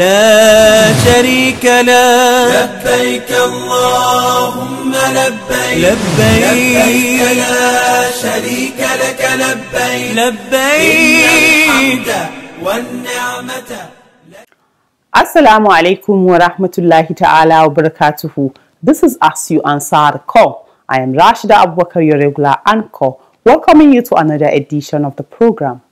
لا شريك له لبيك اللهم لبيك لبيك لا شريك لك لبيك لبيك والنعمة السلام عليكم ورحمة الله تعالى وبركاته This is Ask You Answer Call. I am Rashida Abubakar, your regular anchor, welcoming you to another edition of the program.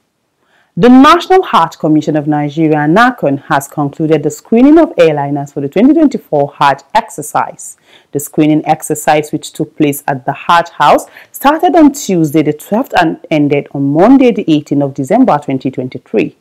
The National Heart Commission of Nigeria, NACON, has concluded the screening of airliners for the 2024 Heart exercise. The screening exercise, which took place at the Heart House, started on Tuesday the 12th and ended on Monday the 18th of December 2023.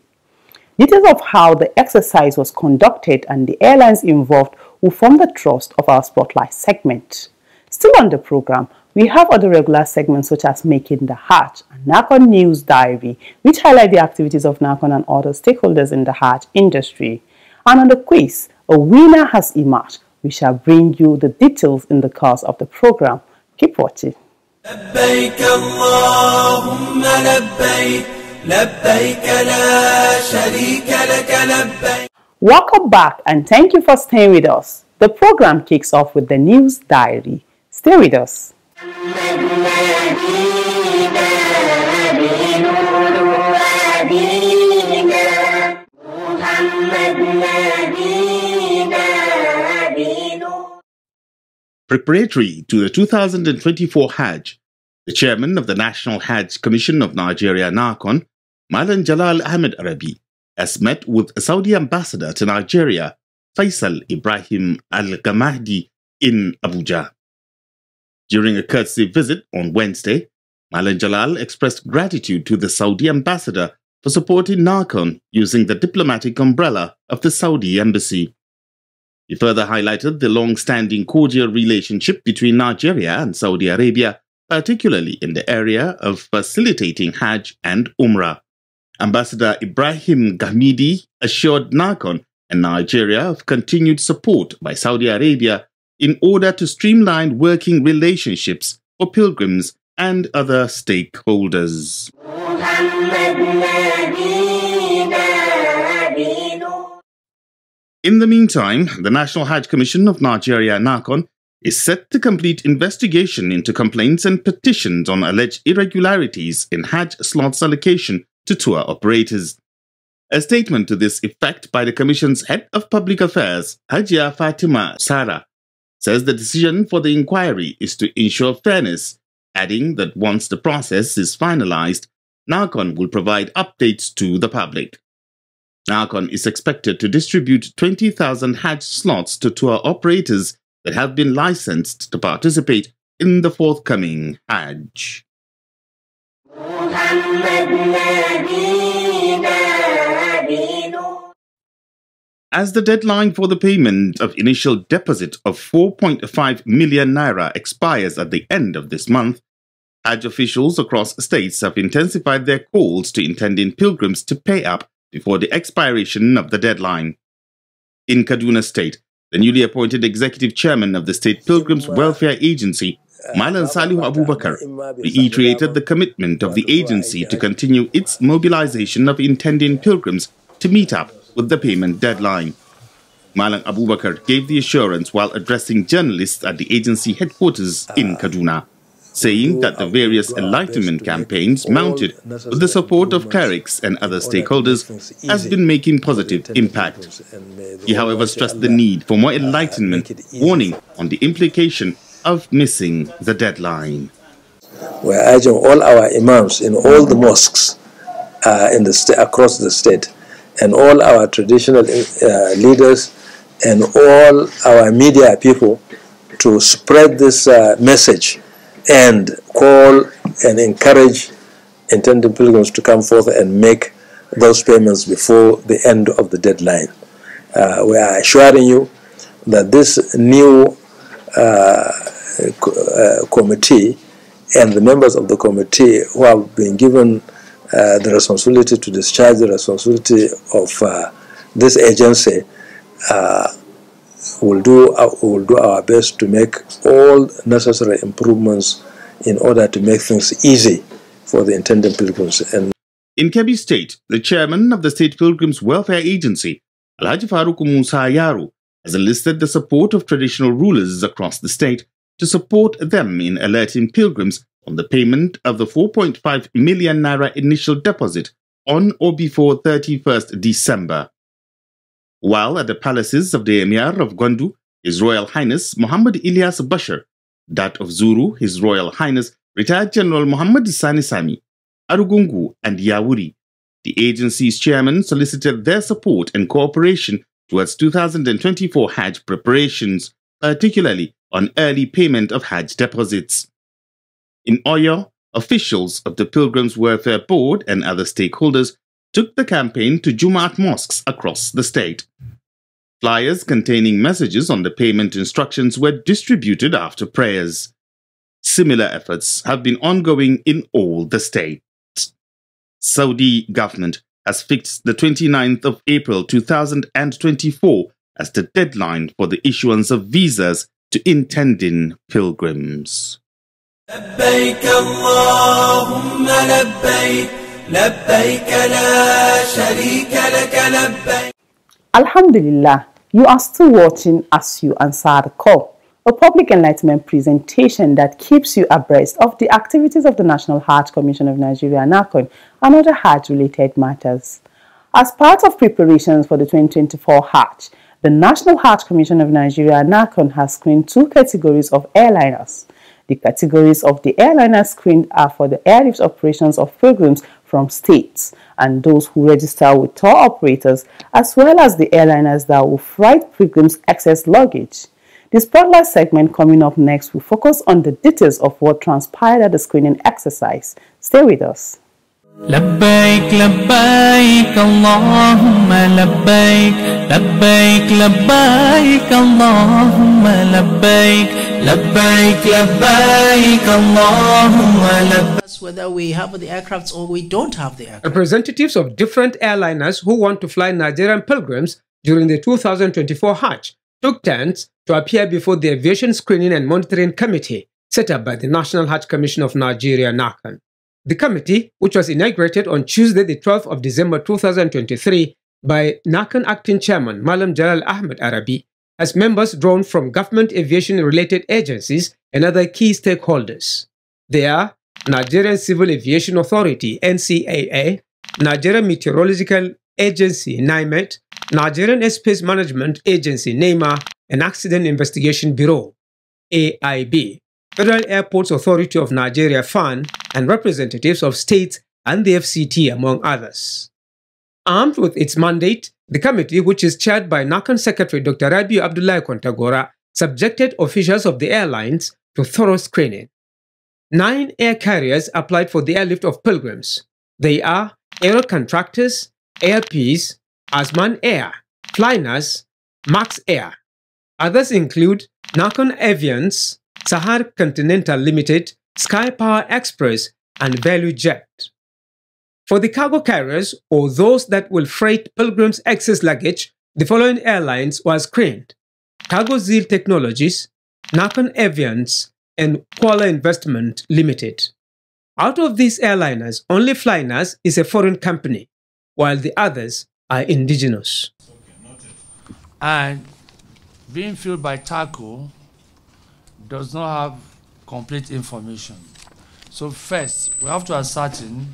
Details of how the exercise was conducted and the airlines involved will form the thrust of our Spotlight segment. Still on the program, we have other regular segments such as Making the Hatch and NACON News Diary, which highlight the activities of NACON and other stakeholders in the hatch industry. And on the quiz, a winner has emerged. We shall bring you the details in the course of the program. Keep watching. لبيك اللهم لبيك لبيك لا شريك لك لبيك Welcome back and thank you for staying with us. The program kicks off with the news diary. Stay with us. Preparatory to the 2024 Hajj, the chairman of the National Hajj Commission of Nigeria, NARCON, Malan Jalal Ahmed Arabi, has met with Saudi ambassador to Nigeria, Faisal Ibrahim Al Gamahdi, in Abuja. During a courtesy visit on Wednesday, Malan Jalal expressed gratitude to the Saudi ambassador for supporting Narcon using the diplomatic umbrella of the Saudi embassy. He further highlighted the long standing cordial relationship between Nigeria and Saudi Arabia, particularly in the area of facilitating Hajj and Umrah. Ambassador Ibrahim Ghamidi assured Narcon and Nigeria of continued support by Saudi Arabia in order to streamline working relationships for pilgrims and other stakeholders. In the meantime, the National Hajj Commission of Nigeria, NACON, is set to complete investigation into complaints and petitions on alleged irregularities in Hajj slots allocation to tour operators. A statement to this effect by the Commission's Head of Public Affairs, Hajia Fatima Sara, says the decision for the inquiry is to ensure fairness, adding that once the process is finalized, NARCON will provide updates to the public. NARCON is expected to distribute 20,000 Hajj slots to tour operators that have been licensed to participate in the forthcoming Hajj. As the deadline for the payment of initial deposit of 4.5 million naira expires at the end of this month, Hajj officials across states have intensified their calls to intending pilgrims to pay up before the expiration of the deadline. In Kaduna State, the newly appointed executive chairman of the State Pilgrims Welfare Agency, uh, Malan Salihu Abubakar, reiterated the commitment of the agency to continue its mobilization of intending pilgrims to meet up with the payment deadline. Malang Abubakar gave the assurance while addressing journalists at the agency headquarters in uh, Kaduna, saying that the various enlightenment campaigns mounted with the support of clerics and other stakeholders has been making positive impact. He however stressed the need for more uh, enlightenment, warning on the implication of missing the deadline. We're urging all our imams in all the mosques uh, in the across the state and all our traditional uh, leaders and all our media people to spread this uh, message and call and encourage intending pilgrims to come forth and make those payments before the end of the deadline. Uh, we are assuring you that this new uh, co uh, committee and the members of the committee who have been given uh, the responsibility to discharge the responsibility of uh, this agency uh, will do uh, will do our best to make all necessary improvements in order to make things easy for the intended pilgrims. And in Kebbi State, the chairman of the State Pilgrims Welfare Agency, Alhaji Faruk Musa has enlisted the support of traditional rulers across the state to support them in alerting pilgrims on the payment of the 4.5 million naira initial deposit on or before 31st December. While at the palaces of the Emir of Gwandu, His Royal Highness Muhammad Ilyas Bashir, that of Zuru, His Royal Highness retired General Muhammad Sani Sami, Arugungu, and Yawuri, the agency's chairman solicited their support and cooperation towards 2024 Hajj preparations, particularly on early payment of Hajj deposits. In Oyo, officials of the Pilgrims Welfare Board and other stakeholders took the campaign to Jumat mosques across the state. Flyers containing messages on the payment instructions were distributed after prayers. Similar efforts have been ongoing in all the states. Saudi government has fixed the 29th of April 2024 as the deadline for the issuance of visas to intending pilgrims. لبيك اللهم لبيك لبيك لا شريك لك لبيك Alhamdulillah, you are still watching as you answer the call, a public enlightenment presentation that keeps you abreast of the activities of the National Heart Commission of Nigeria, NACON, and other heart related matters. As part of preparations for the 2024 Hatch, the National Heart Commission of Nigeria, NACON, has screened two categories of airliners – the categories of the airliner screened are for the airlift operations of pilgrims from states and those who register with tour operators, as well as the airliners that will freight pilgrims' excess luggage. The spotlight segment coming up next will focus on the details of what transpired at the screening exercise. Stay with us. لبيك لبيك اللهم لبيك لبيك لبيك اللهم لبيك لبيك لبيك اللهم لبيك whether we have the aircrafts or we don't have the aircraft. Representatives of different airliners who want to fly Nigerian pilgrims during the 2024 Hajj took turns to appear before the Aviation Screening and Monitoring Committee set up by the National Hajj Commission of Nigeria, NACAN. The committee, which was inaugurated on Tuesday, the 12th of December 2023, by Nakan Acting Chairman Malam Jalal Ahmed Arabi, has members drawn from government aviation related agencies and other key stakeholders. They are Nigerian Civil Aviation Authority, NCAA, Nigerian Meteorological Agency, NIMET, Nigerian Airspace Management Agency, NEMA, and Accident Investigation Bureau, AIB. Federal Airports Authority of Nigeria FAN, and representatives of states and the FCT, among others. Armed with its mandate, the committee, which is chaired by NACAN Secretary Dr. Rabiu Abdullahi Kontagora, subjected officials of the airlines to thorough screening. Nine air carriers applied for the airlift of pilgrims. They are Aero Contractors, Air Asman Air, Flynas, Max Air. Others include Nakan Avians, Sahar Continental Limited, Sky Power Express, and Jet. For the cargo carriers or those that will freight pilgrims' excess luggage, the following airlines were screened Cargo Zeal Technologies, Nakon Avians, and Kuala Investment Limited. Out of these airliners, only Flynas is a foreign company, while the others are indigenous. and being fueled by TACO, does not have complete information. So first, we have to ascertain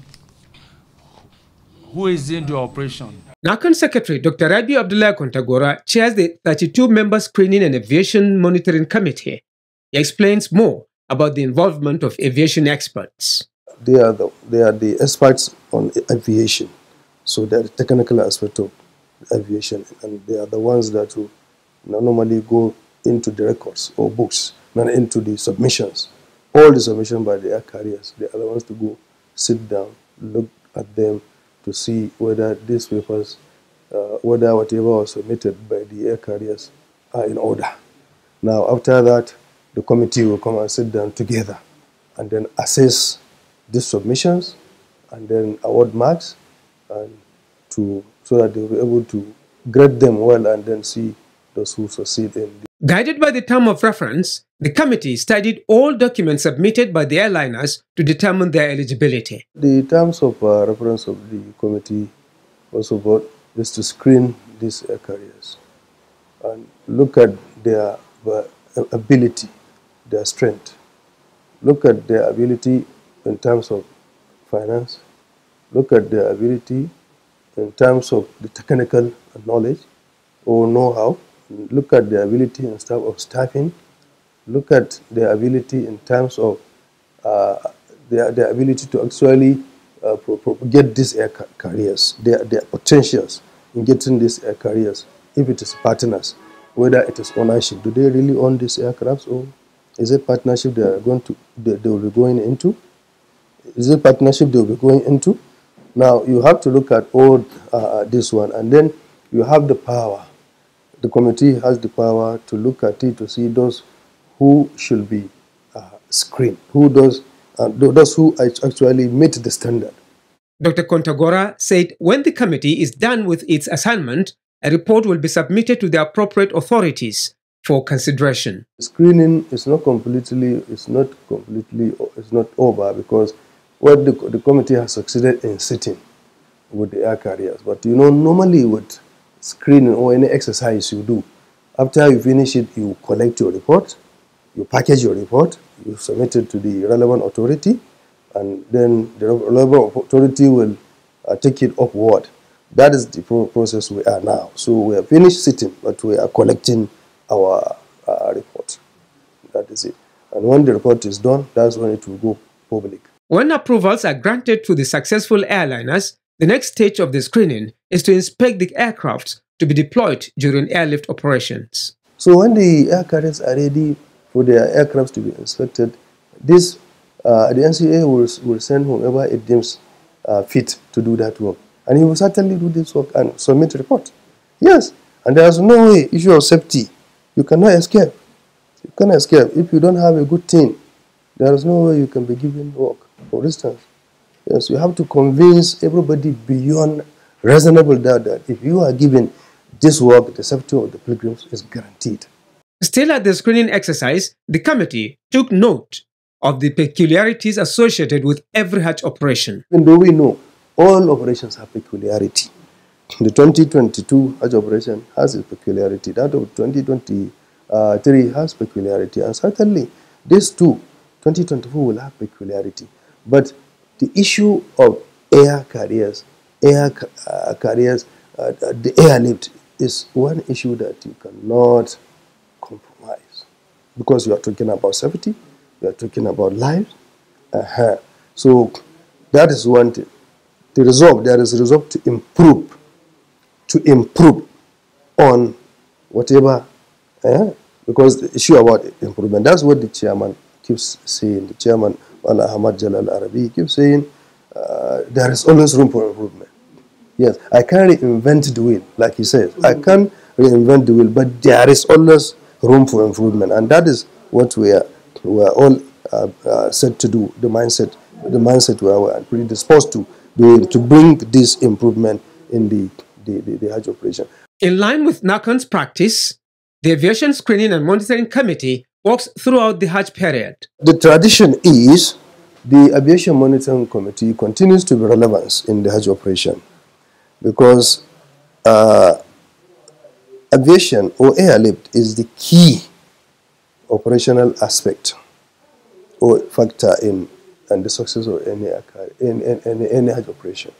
who is in the operation. NACAN Secretary Dr. Rabi Abdullah Kontagora chairs the 32-member Screening and Aviation Monitoring Committee. He explains more about the involvement of aviation experts. They are the, they are the experts on aviation, so the technical aspect of aviation, and they are the ones that will normally go into the records or books and into the submissions. All the submissions by the air carriers. The other ones to go sit down, look at them to see whether these papers, uh, whether whatever was submitted by the air carriers are in order. Now, after that, the committee will come and sit down together and then assess these submissions and then award marks and to so that they will be able to grade them well and then see those who succeed in. The- Guided by the term of reference, the committee studied all documents submitted by the airliners to determine their eligibility. The terms of uh, reference of the committee was about is to screen these air carriers and look at their uh, ability, their strength, look at their ability in terms of finance, look at their ability in terms of the technical knowledge or know-how, look at their ability in terms of staffing, look at their ability in terms of uh, their, their ability to actually uh, get these air carriers, their, their potentials in getting these air carriers, if it is partners, whether it is ownership. Do they really own these aircrafts or is it partnership they are going to they, they will be going into? Is it partnership they will be going into? Now you have to look at all uh, this one and then you have the power the committee has the power to look at it to see those who should be uh, screened, who does, uh, those who actually meet the standard. Dr. Contagora said when the committee is done with its assignment, a report will be submitted to the appropriate authorities for consideration. Screening is not completely, it's not completely, it's not over because what the, the committee has succeeded in sitting with the air carriers. But you know, normally with screening or any exercise you do. After you finish it, you collect your report, you package your report, you submit it to the relevant authority, and then the relevant authority will uh, take it upward. That is the pro process we are now. So we are finished sitting, but we are collecting our uh, report. That is it. And when the report is done, that's when it will go public. When approvals are granted to the successful airliners, the next stage of the screening is to inspect the aircraft to be deployed during airlift operations. So when the air carriers are ready for their aircraft to be inspected, this uh, the NCA will, will send whoever it deems uh, fit to do that work. And he will certainly do this work and submit a report. Yes, and there is no way, issue of safety, you cannot escape. You cannot escape. If you don't have a good team, there is no way you can be given work, for instance. Yes, you have to convince everybody beyond reasonable doubt that if you are given this work, the safety of the pilgrims is guaranteed. Still at the screening exercise, the committee took note of the peculiarities associated with every Hajj operation. Even though we know all operations have peculiarity. The 2022 Hajj operation has its peculiarity. That of 2023 has peculiarity. And certainly, these two, 2024 will have peculiarity. But the issue of air carriers, air uh, carriers, uh, uh the airlift is one issue that you cannot compromise because you are talking about safety, you are talking about life. Uh -huh. So that is one thing. The resolve, there is resolve to improve, to improve on whatever, uh, because the issue about improvement, that's what the chairman keeps saying. The chairman Mullah Ahmad Jalal Arabi, he keeps saying uh, there is always room for improvement. Yes, I can reinvent the wheel, like he says. Mm -hmm. I can reinvent the wheel, but there is always room for improvement, and that is what we are we are all uh, uh, set to do. The mindset, the mindset we are predisposed to doing to bring this improvement in the the, the, the Hajj operation. In line with NACON's practice, the Aviation Screening and Monitoring Committee works throughout the Hajj period. The tradition is the Aviation Monitoring Committee continues to be relevant in the Hajj operation because uh, aviation or airlift is the key operational aspect or factor in, and the success of any, in, in, in, any Hajj operation.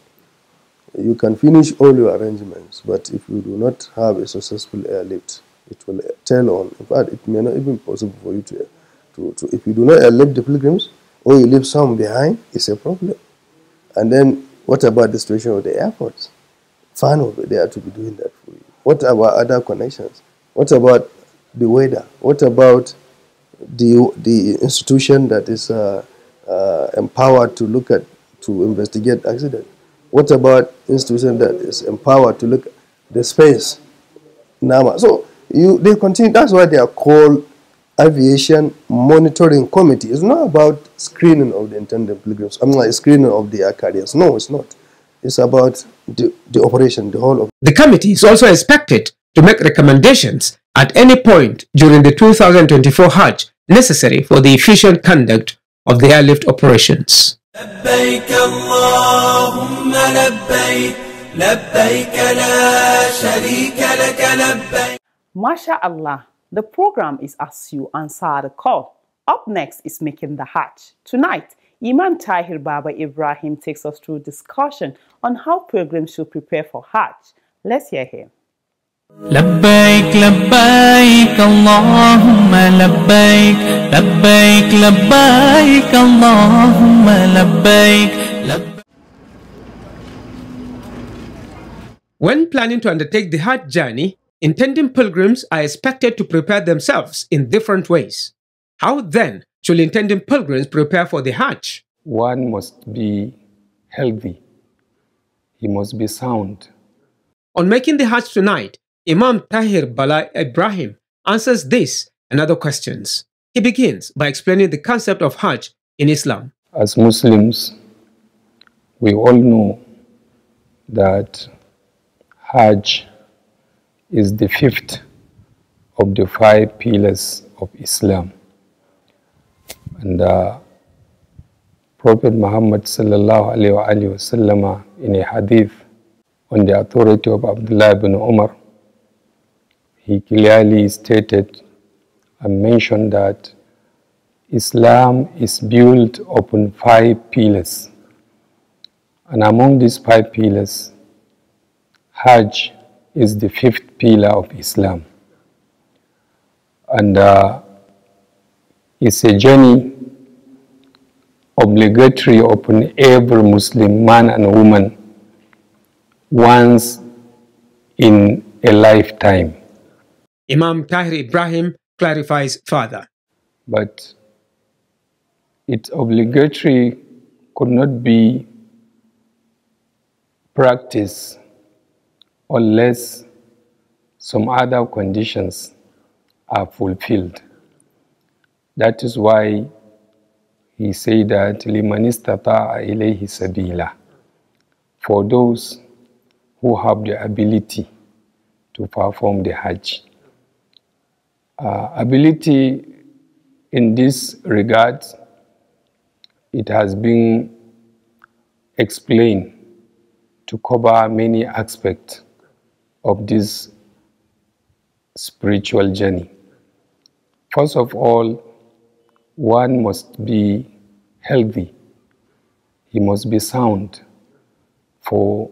You can finish all your arrangements, but if you do not have a successful airlift, it will turn on. In fact, it may not even be possible for you to, to, to if you do not elect the pilgrims or you leave some behind, it's a problem. And then what about the situation of the airports? Far of it, they are to be doing that for you. What about other connections? What about the weather? What about the the institution that is uh, uh, empowered to look at to investigate accident? What about institution that is empowered to look at the space? NAMA. So you, they continue. That's why they are called Aviation Monitoring Committee. It's not about screening of the intended pilgrims. I'm mean, like screening of air carriers. No, it's not. It's about the, the operation, the whole of. The committee is also expected to make recommendations at any point during the 2024 Hajj necessary for the efficient conduct of the airlift operations. Masha Allah, the program is As You Answer the Call. Up next is Making the Hajj. Tonight, Imam Tahir Baba Ibrahim takes us through discussion on how pilgrims should prepare for Hajj. Let's hear him. لبيك لبيك اللهم لبيك لبيك لبيك اللهم لبيك When planning to undertake the Hajj journey, Intending pilgrims are expected to prepare themselves in different ways. How then should intending pilgrims prepare for the Hajj? One must be healthy. He must be sound. On making the Hajj tonight, Imam Tahir Bala Ibrahim answers this and other questions. He begins by explaining the concept of Hajj in Islam. As Muslims, we all know that Hajj is the fifth of the five pillars of Islam. And uh, Prophet Muhammad sallallahu alaihi wasallam in a hadith on the authority of Abdullah ibn Umar, he clearly stated and mentioned that Islam is built upon five pillars. And among these five pillars, Hajj is the fifth pillar of Islam. And uh, it's a journey obligatory upon every Muslim man and woman once in a lifetime. Imam Tahir Ibrahim clarifies further. But it's obligatory could not be practiced unless some other conditions are fulfilled. That is why he said that limanistata ilayhi sabila for those who have the ability to perform the Hajj. Uh, ability in this regard, it has been explained to cover many aspects of this spiritual journey. First of all, one must be healthy. He must be sound for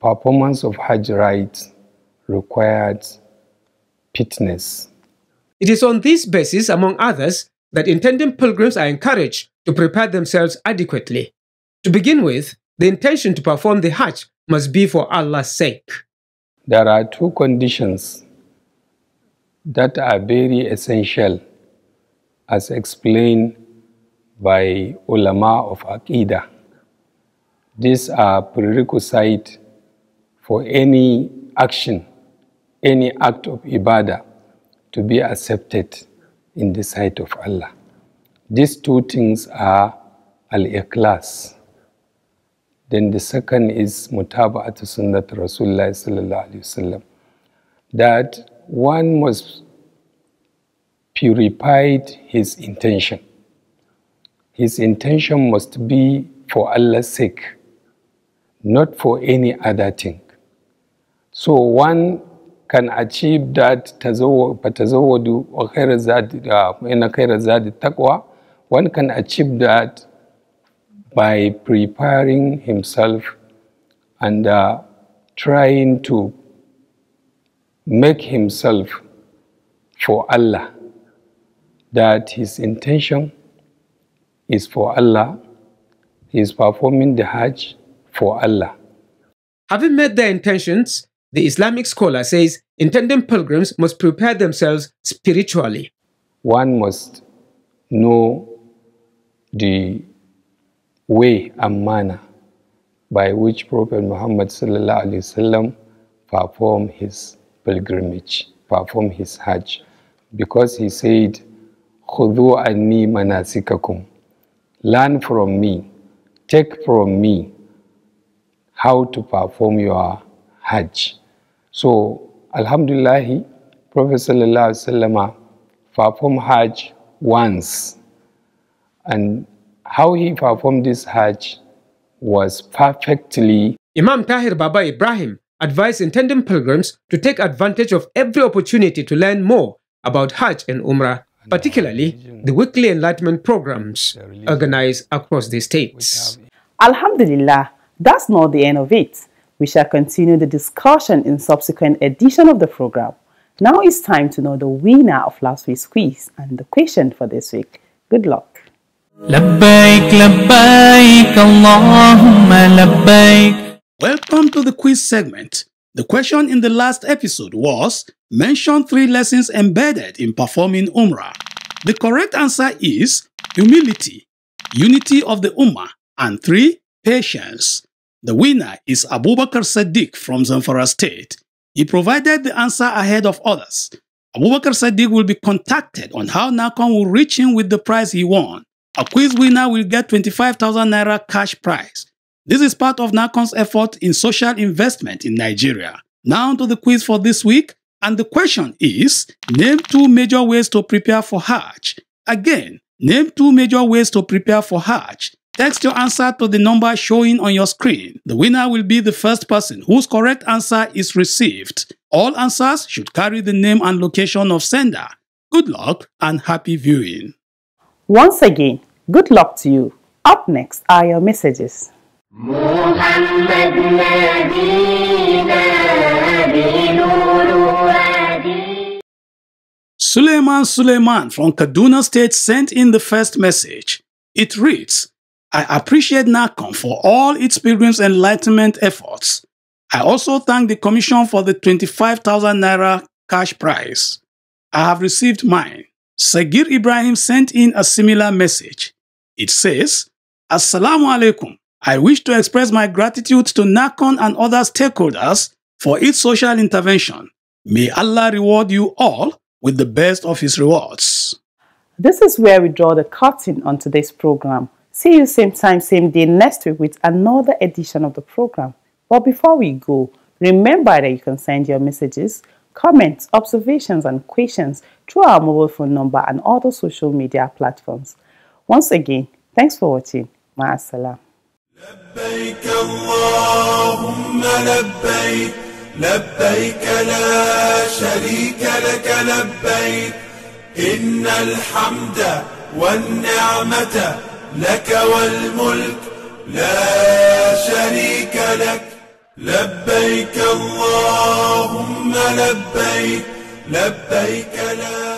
performance of Hajj rites required fitness. It is on this basis, among others, that intending pilgrims are encouraged to prepare themselves adequately. To begin with, the intention to perform the Hajj must be for Allah's sake there are two conditions that are very essential as explained by ulama of Aqidah. These are prerequisite for any action, any act of ibadah to be accepted in the sight of Allah. These two things are al-ikhlas then the second is mutaba'atu sunnat Rasulullah sallallahu alaihi wasallam. That one must purify his intention. His intention must be for Allah's sake, not for any other thing. So one can achieve that fatazawwadu wa khaira uh, zadi taqwa. One can achieve that by preparing himself and uh, trying to make himself for Allah, that his intention is for Allah, he is performing the Hajj for Allah. Having made their intentions, the Islamic scholar says intending pilgrims must prepare themselves spiritually. One must know the way and manner by which Prophet Muhammad wasallam performed his pilgrimage, performed his Hajj, because he said, خُذُوا عَنِّي manasikakum, Learn from me, take from me how to perform your Hajj. So, Alhamdulillah, Prophet sallallahu alaihi wasallam performed Hajj once, and how he performed this Hajj was perfectly. Imam Tahir Baba Ibrahim advised intending pilgrims to take advantage of every opportunity to learn more about Hajj and Umrah, particularly the weekly enlightenment programs organized across the states. Alhamdulillah, that's not the end of it. We shall continue the discussion in subsequent edition of the program. Now it's time to know the winner of last week's quiz and the question for this week. Good luck. Labbaik, labbaik, Allahumma labbaik. Welcome to the quiz segment. The question in the last episode was, mention three lessons embedded in performing Umrah. The correct answer is humility, unity of the Ummah, and three, patience. The winner is Abubakar Sadiq from Zamfara State. He provided the answer ahead of others. Abubakar Sadiq will be contacted on how Nakon will reach him with the prize he won. A quiz winner will get 25,000 Naira cash prize. This is part of NACON's effort in social investment in Nigeria. Now to the quiz for this week. And the question is, name two major ways to prepare for Hajj. Again, name two major ways to prepare for Hajj. Text your answer to the number showing on your screen. The winner will be the first person whose correct answer is received. All answers should carry the name and location of sender. Good luck and happy viewing. Once again, Good luck to you. Up next are your messages. Suleiman Suleiman from Kaduna State sent in the first message. It reads, I appreciate NACOM for all its pilgrims' enlightenment efforts. I also thank the Commission for the 25,000 Naira cash prize. I have received mine. Sagir Ibrahim sent in a similar message. It says, Assalamu alaikum. I wish to express my gratitude to Nakon and other stakeholders for its social intervention. May Allah reward you all with the best of his rewards. This is where we draw the curtain on today's program. See you same time, same day next week with another edition of the program. But before we go, remember that you can send your messages, comments, observations, and questions through our mobile phone number and other social media platforms. Once again, thanks for watching. Ma'asala. لبيك اللهم لبيك لبيك لا شريك لك لبيك إن الحمد والنعمة لك والملك لا شريك لك لبيك اللهم لبيك لبيك لا